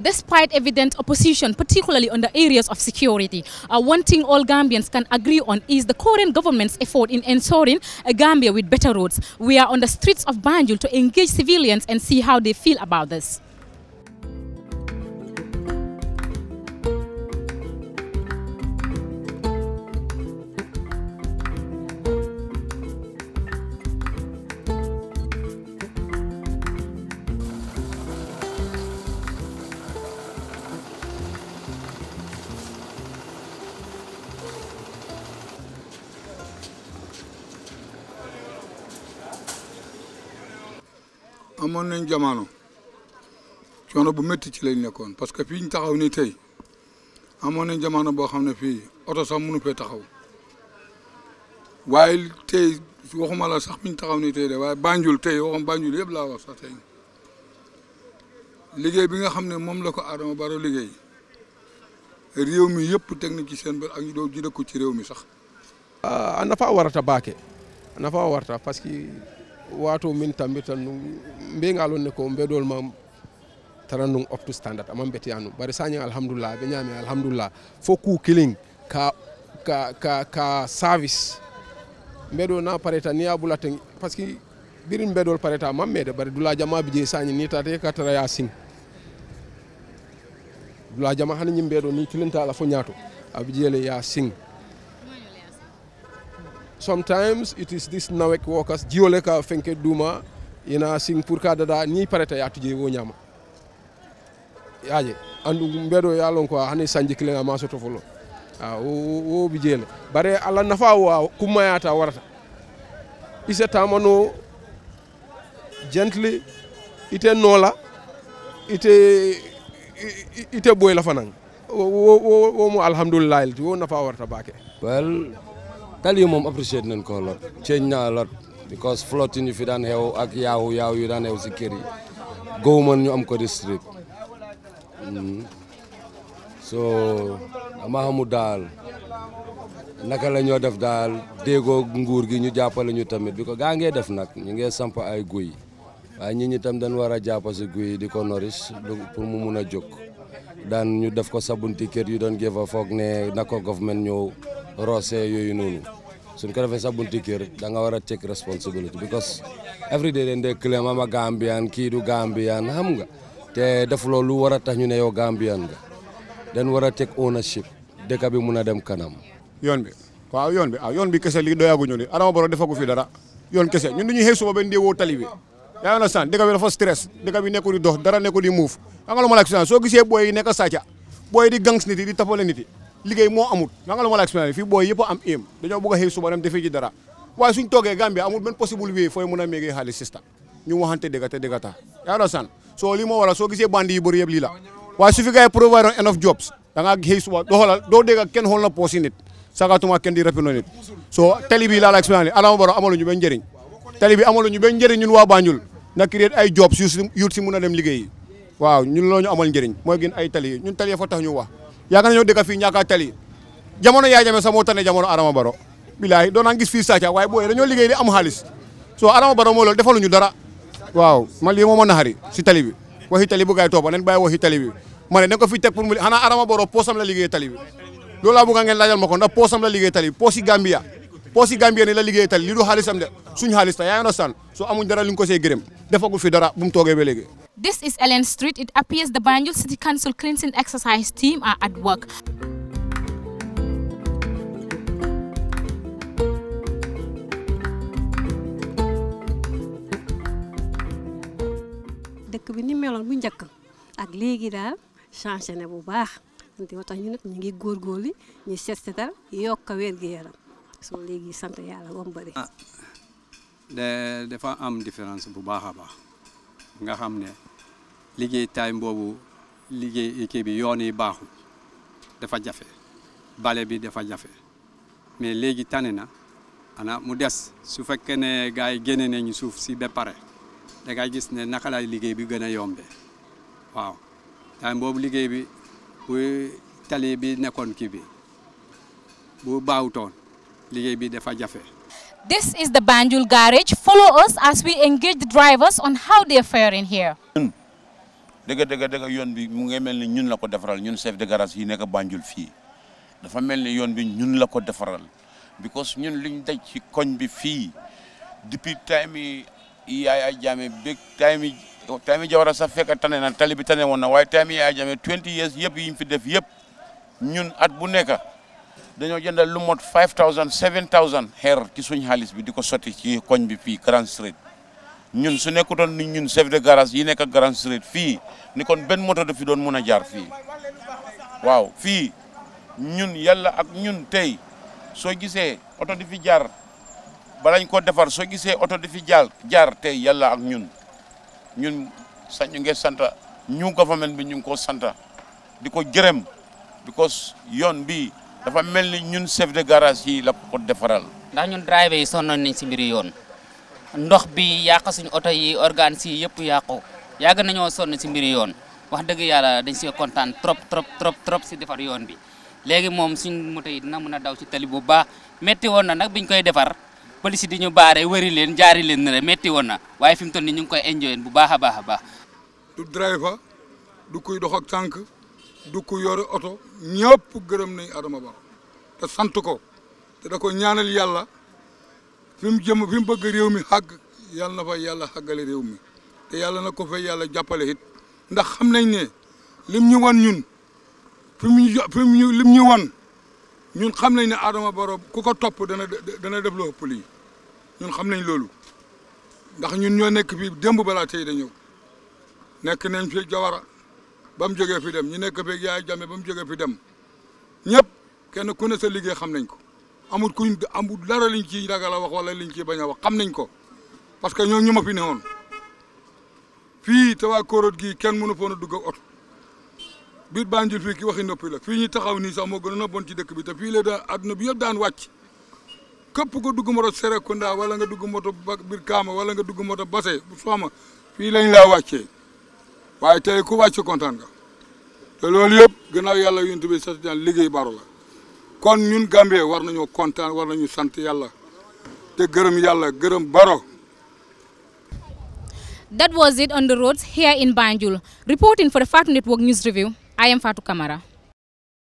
despite evident opposition, particularly on the areas of security. Uh, one thing all Gambians can agree on is the current government's effort in ensuring a uh, Gambia with better roads. We are on the streets of Banjul to engage civilians and see how they feel about this. amoon nañ jamono coono bu metti ci lañ nekkoon parce que fii ñu taxaw nii tey amoon nañ jamono boo xam ne fii oto sax mënu fee taxaw waaye tey waxuma la sax fi ñu taxaw nii tey de waaye Banjul tey waxum yëpp laa wax tey liggéey bi nga xam ne moom la ko Adama Barrow liggéey réew mi yëpp technique ci seen bër ak ñu doon ji ci réew mi sax. a ah, nafa warata baake a nafa warata parce que waato min tambita mbiyagal on ne ko mbeɗol ma tara ɗum up to standard amam mbeteyani ɗum bare sañi alhamdulillah ɓe ñaami alhamdulillah fo ku ka ka ka ka service mbeɗo na pareta ni ya ɓulata par que birin mbeɗol pareta mammede bare dula bi je sañi ni tata ka tara ya sin dula jama hani ñim mbeɗo ni kilinta ala fo ñaato abi jeele ya sin sometimes it is this nawek workers jiole ka fenke duma ina sin pour ka dada ni parata ya tuje wo nyama yaje andu mbedo ya lon ko hani sanji kile ma so tofolo a ah, wo bi jele bare ala nafa wa ah, kuma ya ta warata ise tamano gently ite nola ite ite boy la fanan wo wo wo mu wo nafa warata bake well tali mom appreciate nan ko lot change na lot because flottine yu fi daan xew ak yaaw yaaw yu daan xew si kër yi gowman ñu am ko district hmm. so dama xamul daal naka la ñoo def daal déggoo nguur gi ñu jàppale ñu tamit bi ko gaa ngee def nag ñu ngee samp ay guy waaye ñi ñi tam dañ war a jàpp si guy di ko nourris pour mu mun a jóg daan ñu def ko sabunti kër yu doon géfa foog ne nako ko government ñëw roose yooyu noonu suñ ko defee sa bunti kër da nga wara take responsibility because every day den dee claim ama Gambian ki du Gambian xam nga te def lolou wara tax ñu ne yo Gambian nga den wara take ownership dëkk bi mun dem kanam. yoon bi waaw yoon bi ah yoon bi kese ñu ya ni li Adama Barrow defagu fi dara yoon kese ñun ñu xëy suba ba wo tali bi yaa ngi sant dëkk bi dafa stress dëkk bi nekkul di dox dara nekkul di move, nga lu mo lak so gisee ya boy yi nekk boy di gangs nit di tapole nit liggéey mo amut da nga la ma la expliqué fii booy am im dañu bëgg a suba dem def ci dara wa suñ toogee Gambia amul ben possible way foy mëna mégué xali xaalis sista ñu waxante dëgg te ya taa la san so li mo wara so gisé bandi yu bëri yeb li la wa su fi gars yi of jobs da nga xëy suba doo xoolal doo dégg kenn xool na posi nit sagatuma ken di rapino nit so tali bi la la expliqué Adama Barrow amalu ñu ben jëriñ tali bi amalu ñu ben jëriñ ñun wa Banjul na créer ay jobs yu si mën a dem liggéey waaw ñun loñu amal njëriñ mooy gën ay tali ñun tali ya fa tax ñu wax yaakaar nañoo dëkk fii ñàkk tali jamono Yaya Jammeh sax moo tane jamono Adama Barrow bilaay doon naa gis fii Sacha waaye booyee dañoo liggéey di am xaalis soo Adama Barrow moo loolu defaluñu dara waaw man ma naxari si tali bi waxi tali bu gars yi topp nañ bàyyi waxi tali bi ma ne nañ ko fi teg pour mu xanaa Adama Barrow poosam la liggéey tali loolu laa laajal ma ko ndax poosam la liggéey tali poosi Gambia poosi Gambia ni la liggéey tali defagul fi dara bu mu toogee ba léegi. This is Ellen Street. It appears the Banjul City Council cleansing exercise team are at work. dëkk bi ni meloon bu njëkk ak léegi daal changé ne bu baax wante moo tax ñu nag ñu ngi góorgóorlu ñu seet seetal yokk wér-gu-yaram soo léegi sant yàlla ba mu de dafa am différence bu baax a baax nga xam ne liggéey time boobu liggéey kii bi yoon yi baaxul dafa jafe bale bi dafa jafe mais léegi tane na ana mu des su fekkee ne gars yi génne nañu suuf si ba pare da ngay gis ne naka laay liggéey bi gën a yombee waaw time boobu liggéey bi bu tali bi nekkoon kii bi bu baawutoon liggéey bi dafa jafe This is the Banjul garage. Follow us as we engage the drivers on how they are faring here. ñun dëgg yoon bi mu ngi mel ni ñun la ko defaral ñun chef de garage yi nekk Banjul fii dafa mel ni yoon bi ñun la ko defaral because ñun liñ daj ci koñ bi fii depuis time yi Yaya Jammeh big time yi time yi Jawara sax fekk tane na tali bi tane woon na waaye time yi Yaya Jammeh 20 years yëpp yi ñu fi def yëpp ñun at bu nekk. dañu jëndal lu mot 5000 7000 her ci suñu xaliss bi diko soti ci koñ bi fi Grand Street ñun su nekkuton ni ñun chef de garage yi nekk Grand Street fi ni kon ben moto da fi doon mëna jaar fi waaw fi ñun yalla ak ñun tay so gisé auto di fi jaar lañ ko defar so gisé auto di fi jaar jaar tay yalla ak ñun ñun sax ñu ngi ñu government bi ñu ko santa diko jërëm because yon bi dafa melni Yun ñun chef de garage yi la ko defaral ndax ñun driver yi sonnoon nañ ci mbiri yoon ndox bi yaq suñu auto yi organe si yépp yàqu yag nañu sonn ci mbiri yoon wax deug yalla dañ ci contane trop trop trop trop si defar yoon bi légui mom suñu moto yi dina mëna daw si tali bu ba metti won na nak biñ koy defar police di ñu baare wëri leen jaari leen ne metti won na waye fim tonni ñu ngi koy enjoy bu baaxa baaxa baax du driver du koy dox ak tank du ko yore oto ñëpp gërëm nañ Adama Barrow te sant ko te da ko ñaanal yàlla fi mu jëm fi mu bëgg réew mi xàgg yàlla na fa yàlla xàggale réew mi te yàlla na ko fa yàlla jàppale it ndax xam nañ ne lim ñu wan ñun fi mu ñu fi mu lim ñu wan ñun xam nañ ne Adama Barrow ku ko topp dana dana def lu ëpp lii ñun xam nañ loolu ndax ñun ñoo nekk fii démb balaa tey da ñëw nekk nañ fi Jawara ba mu jógee fi dem ñu nekk feeg yaay jame ba mu jógee fi dem ñëpp kenn ku ne sa liggéey xam nañ ko amul kuñ amul dara liñ ciy ragal a wax wala liñ ciy bañ a wax xam nañ ko parce que ñoo ñu ma fi fii te waa Kóorot gii kenn mënu foon a dugg ak oto biir Banjul fii ki waxi noppi la fii ñu taxaw nii sax moo gën a noppoon ci dëkk bi te fii la daan àdduna bi yëpp daan wàcc képp ko dugg moto Serekunda wala nga dugg moto biir Kaama wala nga dugg moto Basse bu Sooma fii lañ laa wàccee. waaye te ku wàcc kontaan nga te loolu yëpp gannaaw yàlla yonent bi sax liggéey baru la kon ñun Gambie war nañoo kontaan war nañu sant yàlla te gërëm yàlla gërëm baro. That was it on the roads here in Banjul. Reporting for the Fatu Network News Review, I am Fatu Kamara.